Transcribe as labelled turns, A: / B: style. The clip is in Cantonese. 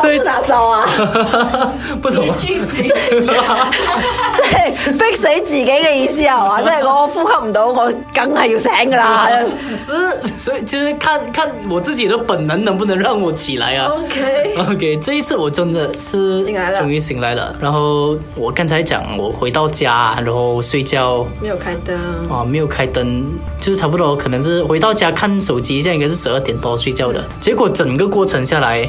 A: 不係窒就啊！逼死自己，即係逼死自己嘅意思啊，係嘛？即係我呼吸唔到，我梗係要醒噶啦！ 就是，
B: 所以其實、就是、看看我自己的本能，能不能讓我起來啊？O K O K，這一次我真的是終於醒來了。來了，然後我剛才講，我回到家，然後睡覺，沒有開燈啊，沒有開燈，就是差不多，可能是回到家看手機，應該是十二點多睡覺的。結果整個過程下來。